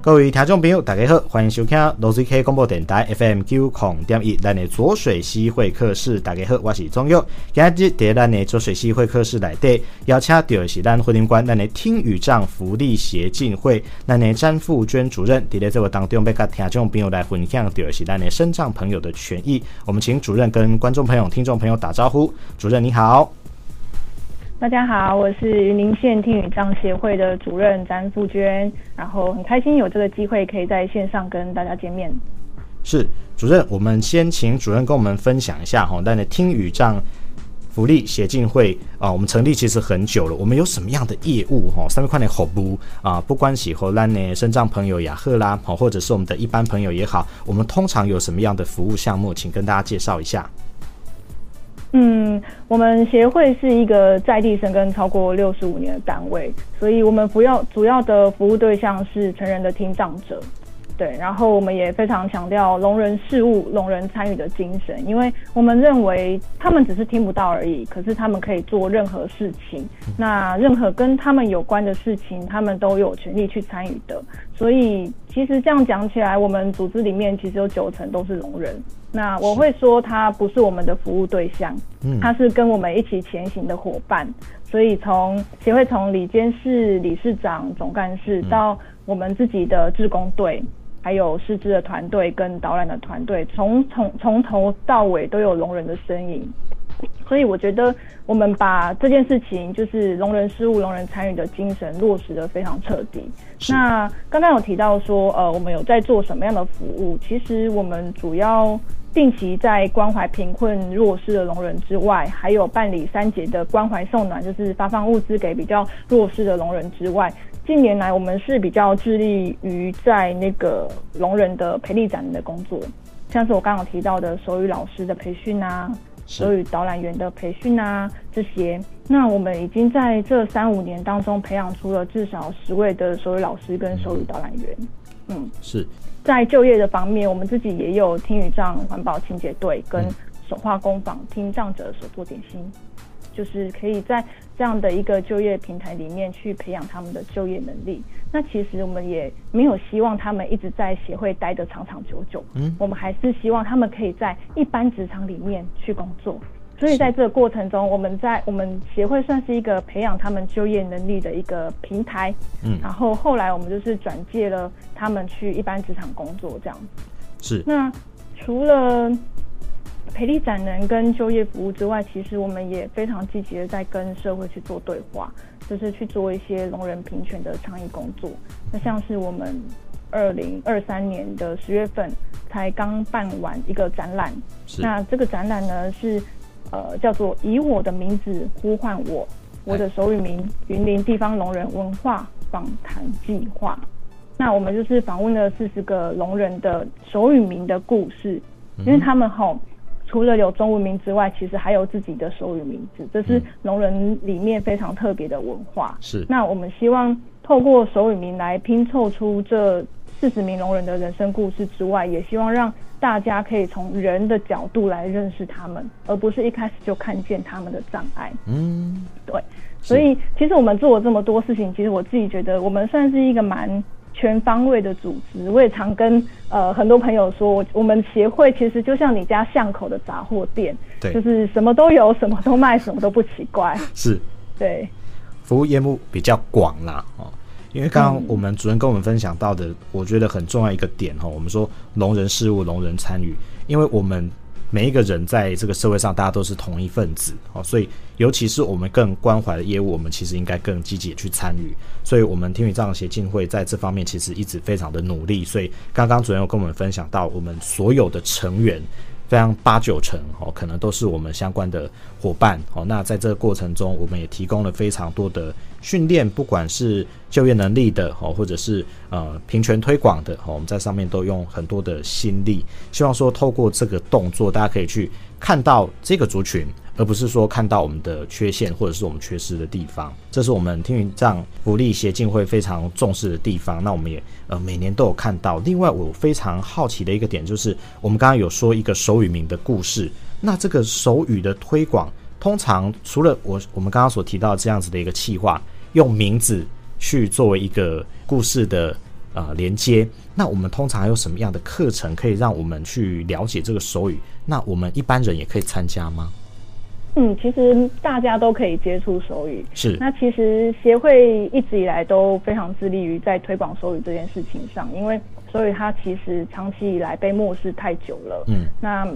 各位聽眾朋友，大家好，歡迎收聽羅 c K 廣播電台 FM 九零點一，咱的左水溪會客室。大家好，我是宗佑。今日在咱的左水溪會客室來，的邀請第二是咱會靈官、咱的聽語障福利協進會咱的詹富娟主任，佇咧在我當中，要甲聽眾朋友來分享，第二是咱的身障朋友的權益。我們請主任跟觀眾朋友、聽眾朋友打招呼。主任你好。大家好，我是雲林縣聽語障協會的主任詹富娟，然後很開心有這個機會可以在線上跟大家見面。是，主任，我們先請主任跟我們分享一下吼，咱的聽語障福利協進會啊，呃，我們成立其實很久了，我們有什麼樣的業務吼？上面快點吼不啊，不管喜或懶呢，身障朋友雅賀拉，好，或者是我們的一般朋友也好，我們通常有什麼樣的服務項目，請跟大家介紹一下。嗯，我們協會是一個在地生根超過六十五年的單位，所以我們主要主要的服務對象是成人的聽障者。對，然後我們也非常強調聾人事務、聾人參與的精神，因為我們認為他們只是聽不到而已，可是他們可以做任何事情。那任何跟他們有關的事情，他們都有權利去參與的。所以其實這樣講起來，我們組織裡面其實有九成都是聾人。那我會說，他不是我們的服務對象，他是跟我們一起前行的夥伴。所以從協會從理監事、理事長、總幹事到我們自己的志工隊。還有師資的團隊跟導覽的團隊，從從從頭到尾都有聾人的身影，所以我覺得我們把這件事情就是聾人事務、聾人參與的精神落實得非常徹底。那剛剛有提到說，呃，我們有在做什麼樣的服務？其實我們主要定期在關懷貧困弱勢的聾人之外，還有辦理三節的關懷送暖，就是發放物資給比較弱勢的聾人之外。近年來，我們是比較致力於在那個聾人的培力展的工作，像是我剛剛提到的手語老師的培訓啊，手語導覽員的培訓啊這些。那我們已經在這三五年當中培養出了至少十位的手語老師跟手語導覽員。嗯，嗯是在就業的方面，我們自己也有聽語障環保清潔隊跟手畫工坊，聽障者手做點心，就是可以在這樣的一個就業平台裡面去培養他們的就業能力。那其實我們也沒有希望他們一直在協會待得長長久久，嗯，我們還是希望他們可以在一般職場裡面去工作。所以在這個過程中，我們在我們協會算是一個培養他們就業能力的一個平台，嗯，然後後來我們就是轉介了他們去一般職場工作，這樣子。是。那除了。培力展能跟就業服務之外，其實我們也非常積極的在跟社會去做對話，就是去做一些聾人平權的倡議工作。那像是我們二零二三年的十月份才剛辦完一個展覽，那這個展覽呢是呃叫做“以我的名字呼喚我，我的手語名”——雲林地方聾人文化訪談計劃。那我們就是訪問了四十個聾人的手語名的故事，因為他們吼。嗯除了有中文名之外，其實還有自己的手語名字，這是聾人裡面非常特別的文化。嗯，是，那我們希望透過手語名來拼湊出這四十名聾人的人生故事之外，也希望讓大家可以從人的角度來認識他們，而不是一開始就看見他們的障礙。嗯，對。所以，其實我們做了這麼多事情，其實我自己覺得，我們算是一個蠻。全方位的組織，我也常跟呃很多朋友說，我我們協會其實就像你家巷口的雜貨店，對，就是什麼都有，什麼都賣，什麼都不奇怪，是，對，服務業務比較廣啦，哦，因為剛剛我們主任跟我們分享到的，我覺得很重要一個點哈、嗯，我們說聾人事務，聾人參與，因為我們。每一個人在這個社會上，大家都是同一份子，好，所以尤其是我們更關懷的業務，我們其實應該更積極的去參與。所以，我們聽語障協進會在這方面其實一直非常的努力。所以，剛剛主任有跟我們分享到，我們所有的成員。非常八九成哦，可能都是我們相關的夥伴哦。那在這個過程中，我們也提供了非常多的訓練，不管是就業能力的哦，或者是呃平權推廣的哦，我們在上面都用很多的心力，希望說透過這個動作，大家可以去看到這個族群。而不是說看到我們的缺陷或者是我們缺失的地方，這是我們聽語障福利協進會非常重視的地方。那我們也呃每年都有看到。另外，我非常好奇的一個點就是，我們剛剛有說一個手語名的故事。那這個手語的推廣，通常除了我我們剛剛所提到的這樣子的一個企劃，用名字去作為一個故事的啊連接。那我們通常還有什麼樣的課程可以讓我們去了解這個手語？那我們一般人也可以參加嗎？嗯，其實大家都可以接觸手語。是，那其實協會一直以來都非常致力於在推廣手語這件事情上，因為手語它其實長期以來被漠視太久了。嗯，那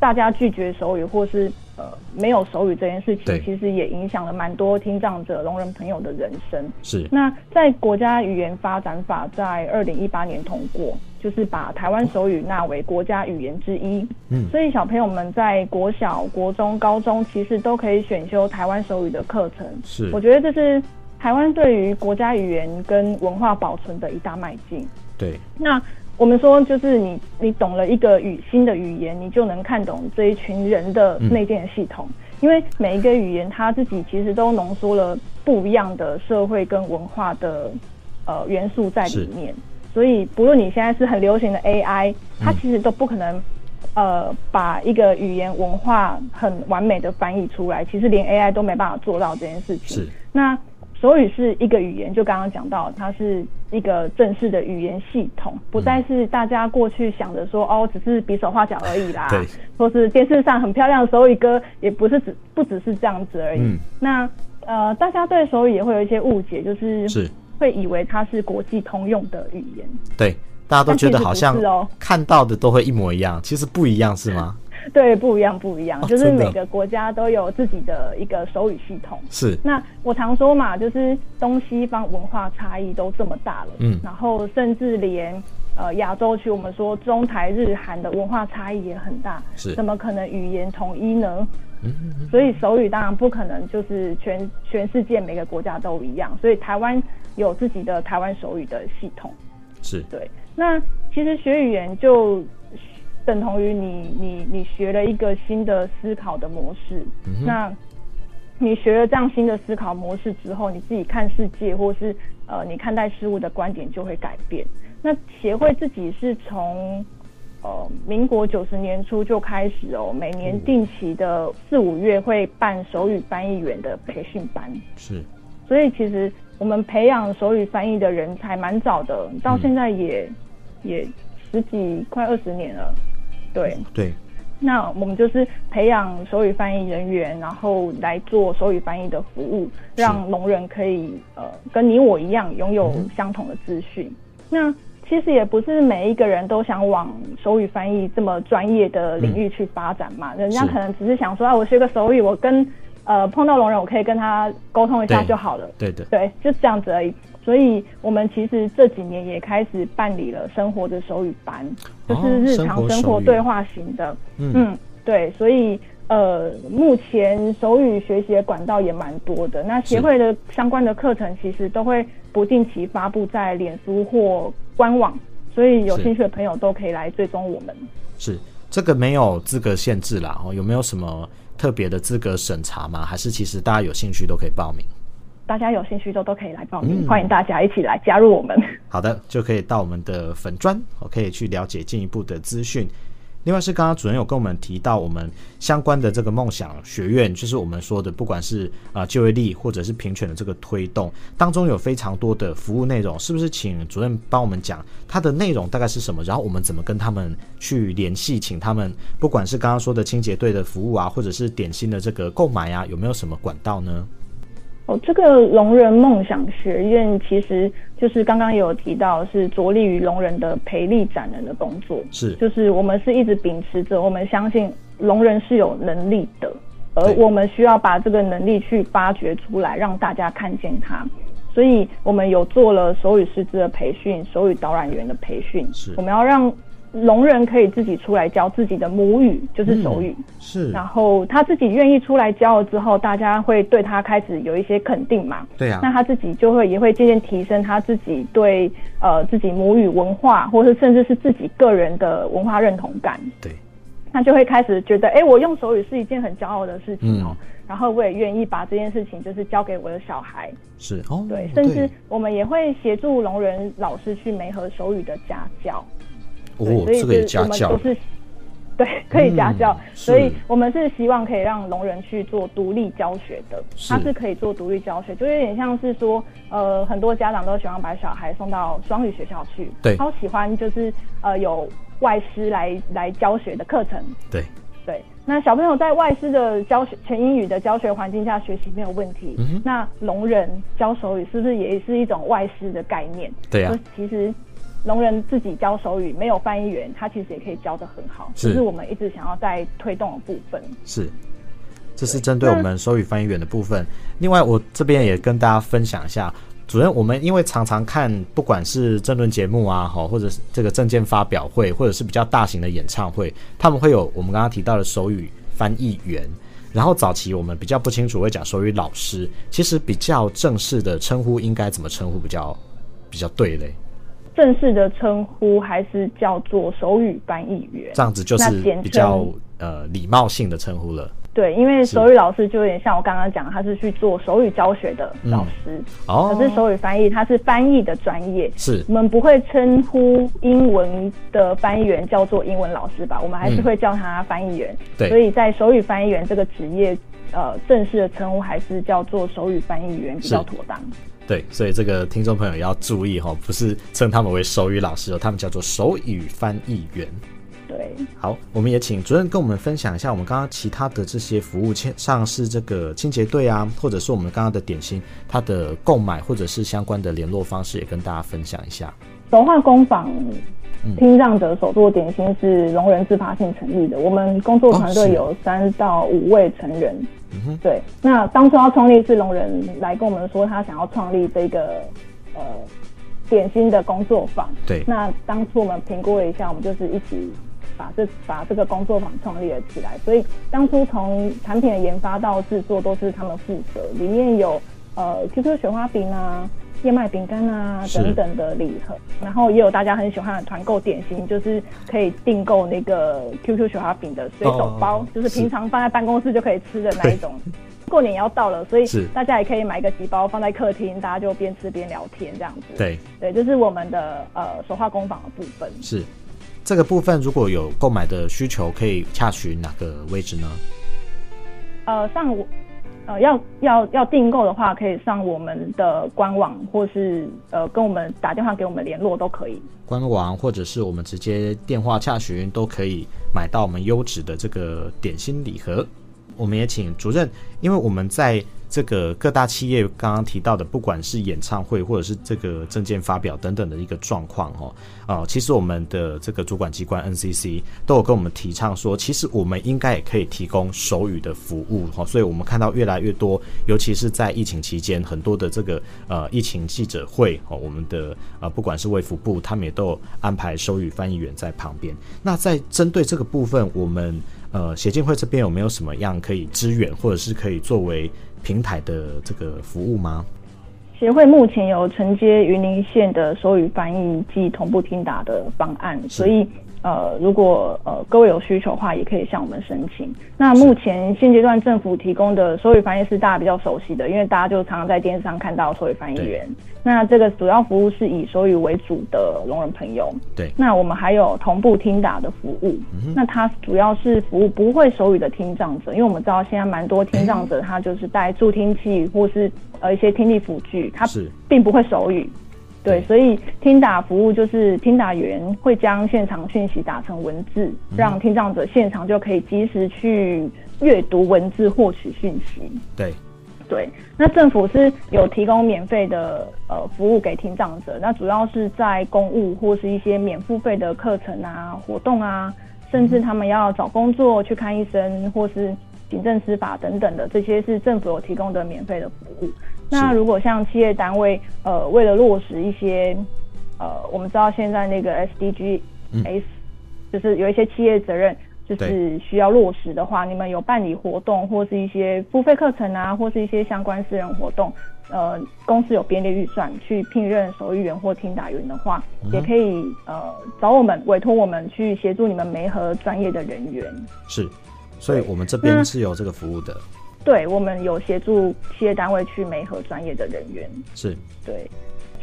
大家拒絕手語，或是呃沒有手語這件事情，其實也影響了蠻多聽障者、聾人朋友的人生。是，那在國家語言發展法在二零一八年通過。就是把台灣手語納為國家語言之一，嗯，所以小朋友們在國小、國中、高中其實都可以選修台灣手語的課程。是，我覺得這是台灣對於國家語言跟文化保存的一大邁進。對，那我們說，就是你你懂了一個語新的語言，你就能看懂這一群人的內建系統。嗯，因為每一個語言它自己其實都濃縮了不一樣的社會跟文化的呃元素在裡面。所以，不論你現在是很流行的 AI，它、嗯、其實都不可能，呃，把一個語言文化很完美的翻譯出來。其實連 AI 都沒辦法做到這件事情。是。那手語是一個語言，就剛剛講到，它是一個正式的語言系統，嗯、不再是大家過去想着說哦，只是比手畫腳而已啦。對。或是電視上很漂亮的手語歌也不是只不只是這樣子而已。嗯、那呃，大家對手語也會有一些誤解，就是。是。會以為它是國際通用的語言，對，大家都覺得好像是哦，看到的都會一模一樣，其實，哦、其實不一樣是嗎？ 對，不一樣，不一樣、哦，就是每個國家都有自己的一個手語系統。是，那我常說嘛，就是東西方文化差異都這麼大了，嗯，然後甚至連。呃，亞洲區我們說中台日韓的文化差異也很大是，怎麼可能語言統一呢？嗯， 所以手語當然不可能就是全全世界每個國家都一樣，所以台灣有自己的台灣手語的系統。是，對。那其實學語言就等同於你你你學了一個新的思考的模式。 那你學了這樣新的思考模式之後，你自己看世界或是。呃，你看待事物的觀點就會改變。那協會自己是從，呃，民國九十年初就開始哦，每年定期的四五月會辦手語翻譯員的培訓班。是，所以其實我們培養手語翻譯的人才蠻早的，到現在也、嗯、也十幾快二十年了。對、嗯、對。那我們就是培養手語翻譯人員，然後來做手語翻譯的服務，讓聾人可以呃跟你我一樣擁有相同的資訊、嗯。那其實也不是每一個人都想往手語翻譯這麼專業的領域去發展嘛，嗯、人家可能只是想說是啊，我學個手語，我跟呃碰到聾人，我可以跟他溝通一下就好了。對對對，對，就這樣子而已。所以我們其實這幾年也開始辦理了生活的手語班，就是日常生活對話型的。哦、嗯、嗯，對，所以呃，目前手語學習的管道也蠻多的。那協會的相關的課程其實都會不定期發布在臉書或官網，所以有興趣的朋友都可以來追蹤我們。是，是這個沒有資格限制啦，哦，有沒有什麼特別的資格審查嗎？還是其實大家有興趣都可以報名？大家有興趣都都可以來報名，歡迎大家一起來加入我們。嗯、好的，就可以到我們的粉專，我可以去了解進一步的資訊。另外是剛剛主任有跟我們提到，我們相關的這個夢想學院，就是我們說的，不管是啊就業力或者是平權的這個推動，當中有非常多的服務內容，是不是？請主任幫我們講它的內容大概是什麼，然後我們怎麼跟他們去聯繫，請他們，不管是剛剛說的清潔隊的服務啊，或者是點心的這個購買啊，有沒有什麼管道呢？哦，這個聾人夢想學院其實就是剛剛也有提到，是着力於聾人的培力、展能的工作。是，就是我們是一直秉持着，我們相信聾人是有能力的，而我們需要把這個能力去發掘出來，讓大家看見他。所以，我們有做了手語師資的培訓，手語導覽員的培訓。是，我們要讓聾人可以自己出來教自己的母語，就是手語，嗯、是。然後他自己願意出來教了之後，大家會對他開始有一些肯定嘛？對啊。那他自己就會也會漸漸提升他自己對呃自己母語文化，或者甚至是自己個人的文化認同感。對。他就會開始覺得，哎、欸，我用手語是一件很驕傲的事情、嗯、哦。然後我也願意把這件事情就是教給我的小孩。是哦對。對，甚至我們也會協助聾人老師去媒合手語的家教。哦，所以可以、就是哦這個、家教，都是對，可以家教、嗯。所以我們是希望可以讓聾人去做獨立教學的，他是可以做獨立教學，就有點像是說，呃，很多家長都喜歡把小孩送到雙語學校去，對，超喜歡就是呃有外師來來教學的課程，對對。那小朋友在外師的教學全英語的教學環境下學習沒有問題，嗯、那聾人教手語是不是也是一種外師的概念？對啊就其實。聾人自己教手語，沒有翻譯員，他其實也可以教得很好。是，只是我們一直想要在推動的部分。是，這是針對我們手語翻譯員的部分。另外，我這邊也跟大家分享一下，主任，我們因為常常看，不管是政論節目啊，或者是這個政見發表會，或者是比較大型的演唱會，他們會有我們剛剛提到的手語翻譯員。然後，早期我們比較不清楚會講手語老師，其實比較正式的稱呼應該怎麼稱呼比，比較比較對嘞。正式的稱呼還是叫做手語翻譯員，這樣子就是比較簡呃禮貌性的稱呼了。對，因為手語老師就有點像我剛剛講，他是去做手語教學的老師，嗯、可是手語翻譯、哦、他是翻譯的專業，是。我們不會稱呼英文的翻譯員叫做英文老師吧？我們還是會叫他翻譯員。對、嗯，所以在手語翻譯員這個職業，呃，正式的稱呼還是叫做手語翻譯員比較妥當。對，所以這個聽眾朋友要注意哈，不是稱他們為手語老師，他們叫做手語翻譯員。對，好，我們也請主任跟我們分享一下，我們剛剛其他的這些服務，像是這個清潔隊啊，或者是我們剛剛的點心，它的購買或者是相關的聯絡方式，也跟大家分享一下手畫工坊。聽障者手做點心是聾人自發性成立的。我們工作團隊有三到五位成員、嗯。對，那當初要創立是聾人來跟我們說他想要創立這個呃點心的工作坊。對，那當初我們評估了一下，我們就是一起把這把這個工作坊創立了起來。所以當初從產品的研發到制作都是他們負責，裡面有呃，比如說雪花餅啊。燕麥餅乾啊，等等的禮盒，然後也有大家很喜歡的團購點心，就是可以訂購那個 QQ 雪花餅的隨手包，oh, 就是平常放在辦公室就可以吃的那一種。過年要到了，所以大家也可以買個幾包放在客廳，大家就邊吃邊聊天這樣子。對，對，這、就是我們的呃手畫工坊的部分。是這個部分，如果有購買的需求，可以洽詢哪個位置呢？呃，上午。呃，要要要訂購的話，可以上我們的官網，或是呃跟我們打電話給我們聯絡都可以。官網或者是我們直接電話洽詢都可以買到我們優質的這個點心禮盒。我們也請主任，因為我們在。這個各大企業剛剛提到的，不管是演唱會或者是這個政見發表等等的一個狀況，哦，啊、呃，其實我們的這個主管機關 NCC 都有跟我們提倡說，其實我們應該也可以提供手語的服務，哦，所以我們看到越來越多，尤其是在疫情期間，很多的這個呃疫情記者會，哦、我們的呃不管是衛福部，他們也都安排手語翻譯員在旁邊。那在針對這個部分，我們呃協進會這邊有沒有什麼樣可以支援，或者是可以作為？平台的這個服務嗎？協會目前有承接雲林縣的手語翻譯及同步聽打的方案，所以。呃，如果呃各位有需求的話，也可以向我們申請。那目前現階段政府提供的手語翻譯是大家比較熟悉的，因為大家就常常在電視上看到手語翻譯員。那這個主要服務是以手語為主的聾人朋友。對。那我們還有同步聽打的服務，嗯、那它主要是服務不會手語的聽障者，因為我們知道現在蠻多聽障者他就是戴助聽器或是呃一些聽力輔具，他並不會手語。對，所以聽打服務就是聽打員會將現場訊息打成文字，嗯，讓聽障者現場就可以及時去閱讀文字獲取訊息。對，對，那政府是有提供免費的呃服務給聽障者，那主要是在公務或是一些免付費的課程啊、活動啊，甚至他們要找工作、去看醫生或是行政司法等等的這些，是政府有提供的免費的服務。那如果像企業單位，呃，為了落實一些，呃，我們知道現在那個 SDGs，嗯，就是有一些企業責任，就是需要落實的話，你們有辦理活動或是一些付費課程啊，或是一些相關私人活動，呃，公司有編列預算去聘任手譯員或聽打員的話，嗯，也可以呃找我們委託我們去協助你們媒合專業的人員。是，所以我們這邊是有這個服務的。對，我們有協助企業單位去媒合專業的人員，是對。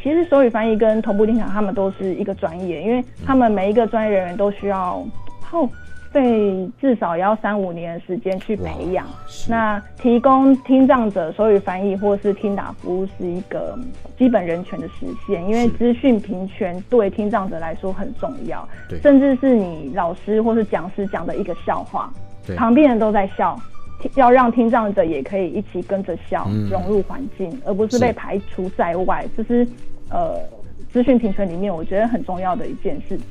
其實手語翻譯跟同步聽講，他們都是一個專業，因為他們每一個專業人員都需要耗費、嗯哦、至少也要三五年的時間去培養是。那提供聽障者手語翻譯或是聽打服務，是一個基本人權的實現，因為資訊平權對聽障者來說很重要。甚至是你老師或是講師講的一個笑話，旁邊人都在笑。要讓聽障者也可以一起跟着笑、嗯，融入環境，而不是被排除在外，是這是呃資訊平權裡面我覺得很重要的一件事情。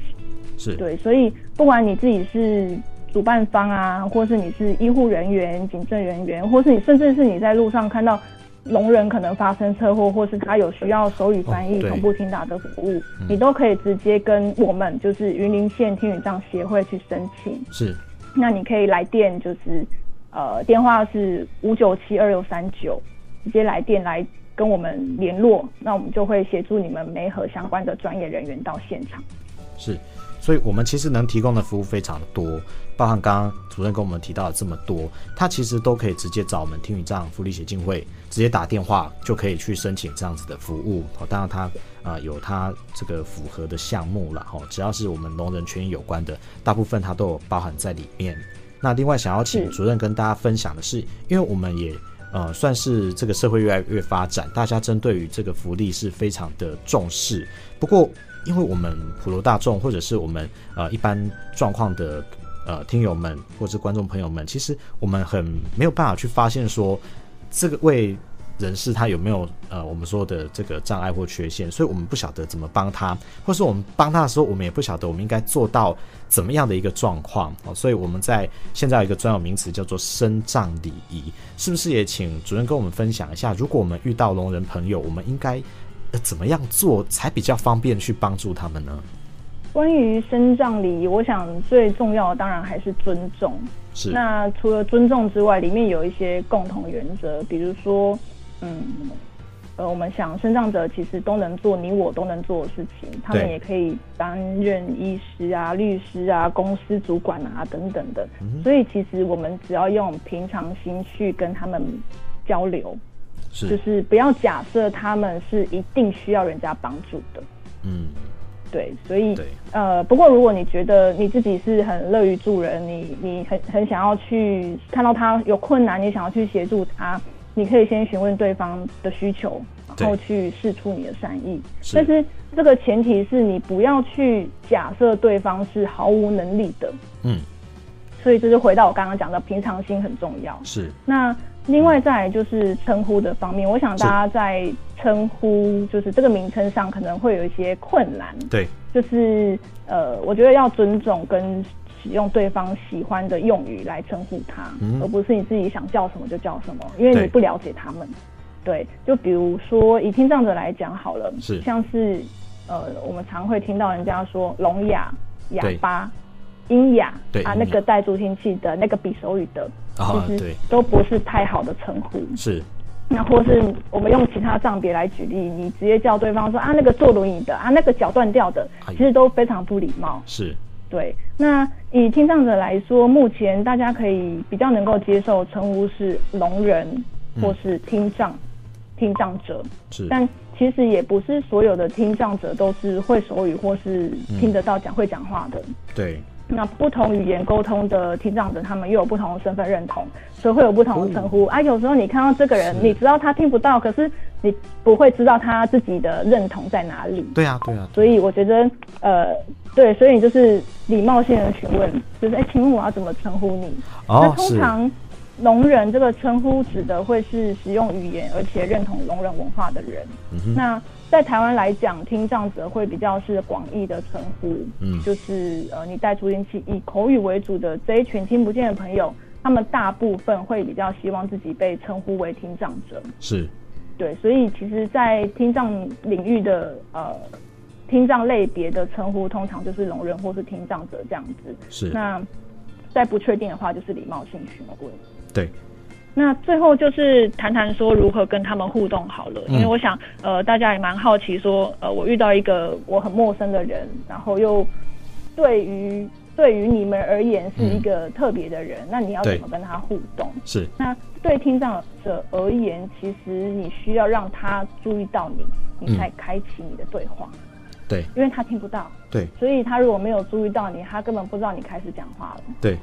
是對，所以不管你自己是主辦方啊，或是你是醫護人員、警政人員，或是你甚至是你在路上看到聾人可能發生車禍，或是他有需要手語翻譯、哦、同步聽打的服務、嗯，你都可以直接跟我們，就是雲林縣聽語障協會去申請。是，那你可以來電，就是。呃，電話是五九七二六三九，直接來電來跟我們聯絡，那我們就會協助你們媒合相關的專業人員到現場。是，所以我們其實能提供的服務非常多，包含剛剛主任跟我們提到的這麼多，他其實都可以直接找我們聽語障福利協進會，直接打電話就可以去申請這樣子的服務。好，當然他啊、呃、有他這個符合的項目了哈，只要是我們聾人權益有關的，大部分他都有包含在裡面。那另外想要請主任跟大家分享的是，嗯、因為我們也呃算是這個社會越來越發展，大家針對於這個福利是非常的重視。不過，因為我們普羅大眾或者是我們呃一般狀況的呃聽友們或者觀眾朋友們，其實我們很沒有辦法去發現說這個位。人士他有沒有呃，我們說的這個障礙或缺陷，所以我們不曉得怎麼幫他，或是我們幫他的時候，我們也不曉得我們應該做到怎麼樣的一個狀況，哦，所以我們在現在有一個專有名詞叫做“身障禮儀”，是不是也請主任跟我們分享一下？如果我們遇到聾人朋友，我們應該，呃，怎麼樣做才比較方便去幫助他們呢？關於身障禮儀，我想最重要的當然還是尊重。是那除了尊重之外，裡面有一些共同原則，比如說。嗯，呃，我們想，身障者其實都能做，你我都能做的事情，他們也可以擔任醫師啊、律師啊、公司主管啊等等的。嗯，所以，其實我們只要用平常心去跟他們交流，是就是不要假設他們是一定需要人家幫助的。嗯，對，所以，呃，不過如果你覺得你自己是很樂於助人，你你很很想要去看到他有困難，你想要去協助他。你可以先詢問對方的需求，然後去釋出你的善意。但是這個前提是你不要去假設對方是毫無能力的。嗯，所以這就是回到我剛剛講的平常心很重要。是。那另外再來就是稱呼的方面，我想大家在稱呼就是這個名稱上可能會有一些困難。對。就是呃，我覺得要尊重跟。用對方喜歡的用語來稱呼他。嗯，而不是你自己想叫什麼就叫什麼，因為你不了解他們。對，對，就比如說以聽障者來講好了，是像是呃，我們常會聽到人家說聾啞、啞巴、瘖啞，對啊，那個戴助聽器的，那個比手語的，啊，其實都不是太好的稱呼。是，那或是我們用其他障別來舉例，你直接叫對方說啊，那個坐輪椅的啊，那個腳斷掉的，其實都非常不禮貌。是。對，那以聽障者來說，目前大家可以比較能夠接受稱呼是聾人或是聽障，嗯、聽障者是。但其實也不是所有的聽障者都是會手語或是聽得到講、嗯、會講話的。對。那不同語言溝通的聽障者，他們又有不同的身份認同，所以會有不同的稱呼。哎、嗯啊，有時候你看到這個人，你知道他聽不到，可是你不會知道他自己的認同在哪裡。對啊，對啊。對啊，所以我覺得，呃，對，所以你就是禮貌性的詢問，就是哎、欸，請問，我要怎麼稱呼你？哦，那通常聾人這個稱呼，指的會是使用語言而且認同聾人文化的人。嗯哼。那。在台灣來講，聽障者會比較是廣義的稱呼，嗯，就是呃，你帶助聽器以口語為主的這一群聽不見的朋友，他們大部分會比較希望自己被稱呼為聽障者，是，對，所以其實，在聽障領域的呃，聽障類別的稱呼，通常就是聾人或是聽障者這樣子，是，那再不確定的話，就是禮貌性詢問，對。那最後就是談談說如何跟他們互動好了，嗯、因為我想，呃，大家也蠻好奇說，呃，我遇到一個我很陌生的人，然後又對於對於你們而言是一個特別的人，嗯，那你要怎麼跟他互動？是。那對聽障者而言，其實你需要讓他注意到你，你才開啟你的對話。對、嗯，因為他聽不到。對。所以他如果沒有注意到你，他根本不知道你開始講話了。對。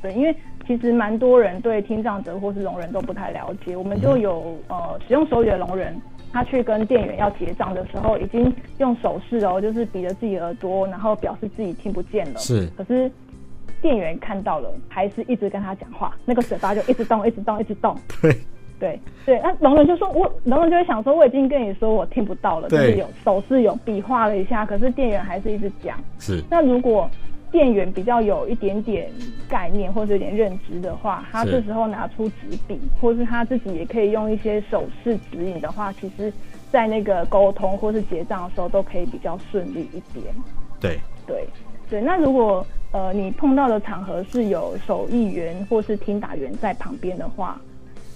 對，因為。其實蠻多人對聽障者或是聾人都不太了解，我們就有呃使用手語的聾人，他去跟店員要結賬的時候，已經用手勢哦、喔，就是比着自己耳朵，然後表示自己聽不見了。是。可是店員看到了，還是一直跟他講話，那個嘴巴就一直動，一直動，一直動。對 對對，那啊、聾人就說，我聾人就會想說，我已經跟你說我聽不到了，就是有手勢有比劃了一下，可是店員還是一直講。是。那如果店員比較有一點點概念或者有點認知的話，他這時候拿出紙筆，或是他自己也可以用一些手勢指引的話，其實，在那個溝通或是結賬的時候都可以比較順利一點。對對對，那如果呃你碰到的場合是有手譯員或是聽打員在旁邊的話，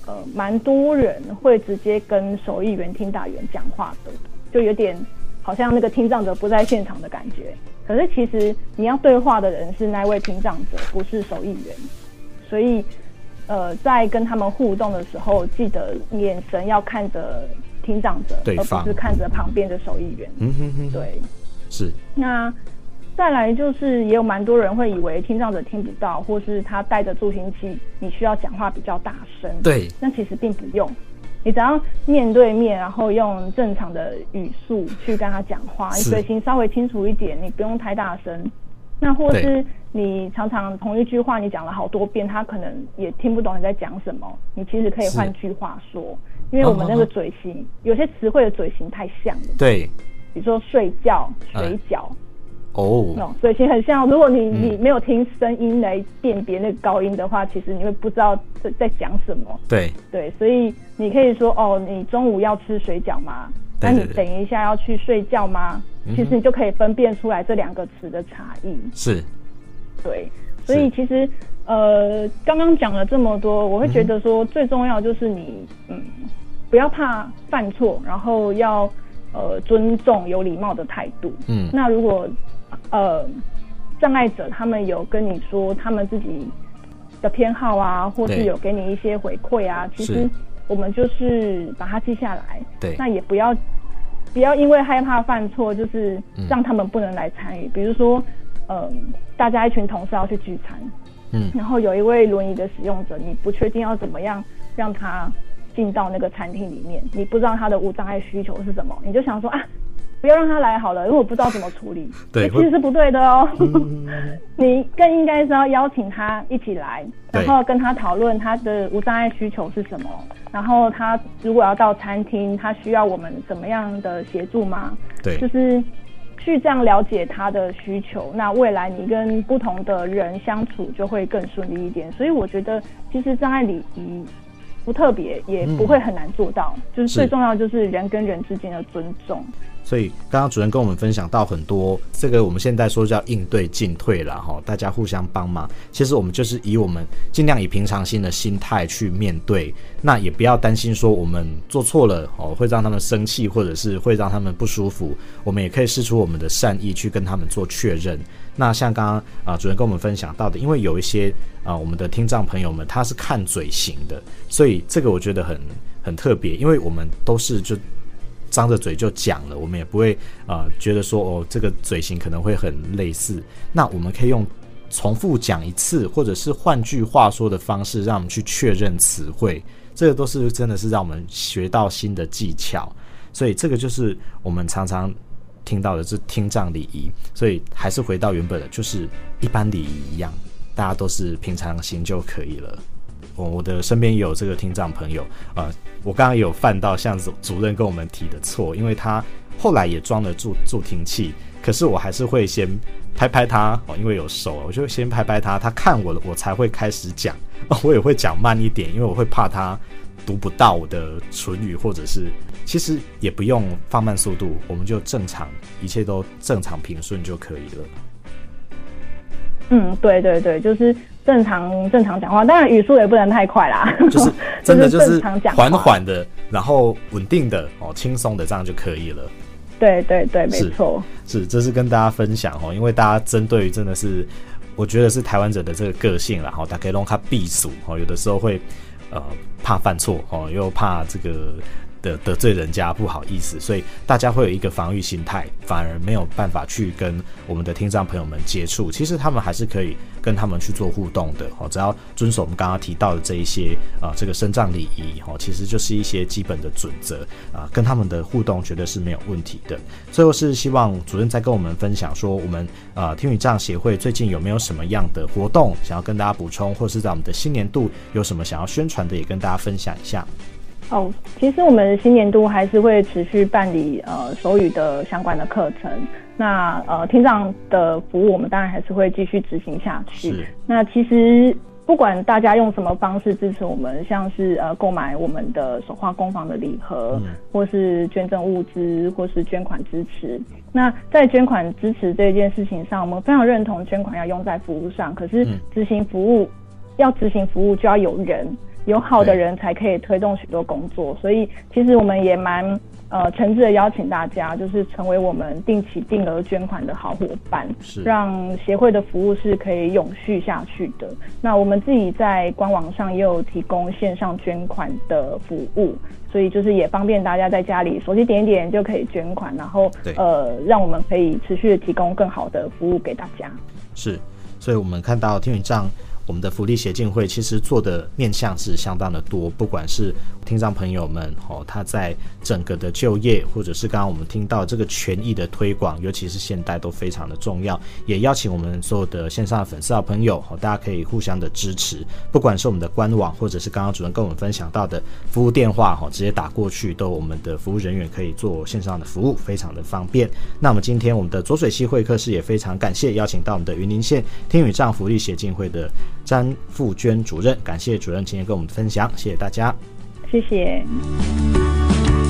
呃，蠻多人會直接跟手譯員、聽打員講話的，就有點好像那個聽障者不在現場的感覺。可是其實你要對話的人是那位聽障者，不是手譯員，所以，呃，在跟他們互動的時候，記得眼神要看着聽障者對，而不是看着旁邊的手譯員。嗯哼哼，對，是。那再來就是，也有蠻多人會以為聽障者聽不到，或是他戴着助聽器，你需要講話比較大聲。對，那其實並不用。你只要面對面，然後用正常的語速去跟他講話，你嘴型稍微清楚一點，你不用太大聲。那或是你常常同一句話你講了好多遍，他可能也聽不懂你在講什麼，你其實可以換句話說，因為我們那個嘴型 oh, oh, oh. 有些詞彙的嘴型太像了。對，比如說睡覺、啊、水餃。哦、oh, no，所以其實很像，如果你你沒有聽聲音來辨別那個高音的話，嗯，其實你會不知道在在講什麼。對對，所以你可以說哦，你中午要吃水餃嗎？那你等一下要去睡覺嗎？對對對，其實你就可以分辨出來這兩個詞的差異。是，對，所以其實呃，剛剛講了這麼多，我會覺得說最重要就是你嗯，嗯，不要怕犯錯，然後要呃尊重有禮貌的態度。嗯，那如果呃，障礙者他們有跟你說他們自己的偏好啊，或是有給你一些回饋啊。其實我們就是把它記下來。對，那也不要不要因為害怕犯錯，就是讓他們不能來參與。嗯，比如說，呃，大家一群同事要去聚餐，嗯，然後有一位輪椅的使用者，你不確定要怎麼樣讓他進到那個餐廳裡面，你不知道他的無障礙需求是什麼，你就想說啊。不要讓他來好了，因為我不知道怎麼處理。對，欸、其實是不對的哦、喔。嗯、 你更應該是要邀請他一起來，然後跟他討論他的無障礙需求是什麼。然後他如果要到餐廳，他需要我們怎麼樣的協助嗎？對，就是去這樣了解他的需求。那未來你跟不同的人相處就會更順利一點。所以我覺得其實障礙禮儀不特別，也不會很難做到。嗯、就是最重要就是人跟人之間的尊重。所以剛剛主任跟我們分享到很多，這個我們現在說叫應對進退了哈，大家互相幫忙。其實我們就是以我們盡量以平常心的心態去面對，那也不要擔心說我們做錯了哦，會讓他們生氣或者是會讓他們不舒服。我們也可以釋出我們的善意去跟他們做確認。那像剛剛啊、呃、主任跟我們分享到的，因為有一些啊、呃、我們的聽障朋友們他是看嘴型的，所以這個我覺得很很特別，因為我們都是就。張着嘴就講了，我們也不會啊、呃，覺得說哦，這個嘴型可能會很類似。那我們可以用重複講一次，或者是換句話說的方式，讓我們去確認詞彙。這個都是真的是讓我們學到新的技巧。所以這個就是我們常常聽到的，是聽障禮儀。所以還是回到原本的，就是一般禮儀一樣，大家都是平常心就可以了。我的身邊有這個聽障朋友，呃，我剛剛有犯到像主任跟我們提的錯，因為他後來也裝了助助聽器，可是我還是會先拍拍他哦，因為有手，我就先拍拍他，他看我了，我才會開始講，哦，我也會講慢一點，因為我會怕他讀不到我的唇語，或者是其實也不用放慢速度，我們就正常，一切都正常平順就可以了。嗯，對對對，就是正常正常講話，當然語速也不能太快啦，就是真的就是緩緩的， 然後穩定的哦，輕鬆的這樣就可以了。對對對，沒錯，是，是這是跟大家分享哦，因為大家針對於真的是，我覺得是台灣人的這個個性啦，然後大家可能他避暑哦，有的時候會呃怕犯錯哦，又怕這個。的得，得罪人家不好意思，所以大家會有一個防禦心態，反而沒有辦法去跟我們的聽障朋友們接觸。其實他們還是可以跟他們去做互動的，好，只要遵守我們剛剛提到的這一些啊、呃，這個身障禮儀哦，其實就是一些基本的準則啊、呃，跟他們的互動絕對是沒有問題的。最後是希望主任再跟我們分享說，我們啊、呃、聽語障協會最近有沒有什麼樣的活動想要跟大家補充，或者是在我們的新年度有什麼想要宣傳的，也跟大家分享一下。哦，其實我們新年度還是會持續辦理呃手語的相關的課程。那呃聽障的服務，我們當然還是會繼續執行下去。是。那其實不管大家用什麼方式支持我們，像是呃購買我們的手畫工坊的禮盒、嗯，或是捐贈物資，或是捐款支持。那在捐款支持這件事情上，我們非常認同捐款要用在服務上。可是執行服務，嗯、要執行服務就要有人。有好的人才可以推動許多工作，所以其實我們也蠻呃誠摯的邀請大家，就是成為我們定期定額捐款的好夥伴，是讓協會的服務是可以永續下去的。那我們自己在官網上也有提供線上捐款的服務，所以就是也方便大家在家裡手機點一點就可以捐款，然後對呃讓我們可以持續的提供更好的服務給大家。是，所以我們看到聽語障。我們的福利協進會其實做的面向是相當的多，不管是聽障朋友們哦，他在整個的就業，或者是剛剛我們聽到這個權益的推廣，尤其是現代都非常的重要。也邀請我們所有的線上的粉絲啊朋友哦，大家可以互相的支持，不管是我們的官網，或者是剛剛主任跟我們分享到的服務電話哦，直接打過去，都有我們的服務人員可以做線上的服務，非常的方便。那我們今天我們的濁水溪會客室也非常感謝邀請到我們的雲林縣聽語障福利協進會的。詹富娟主任，感謝主任今天跟我們分享，謝謝大家，謝謝。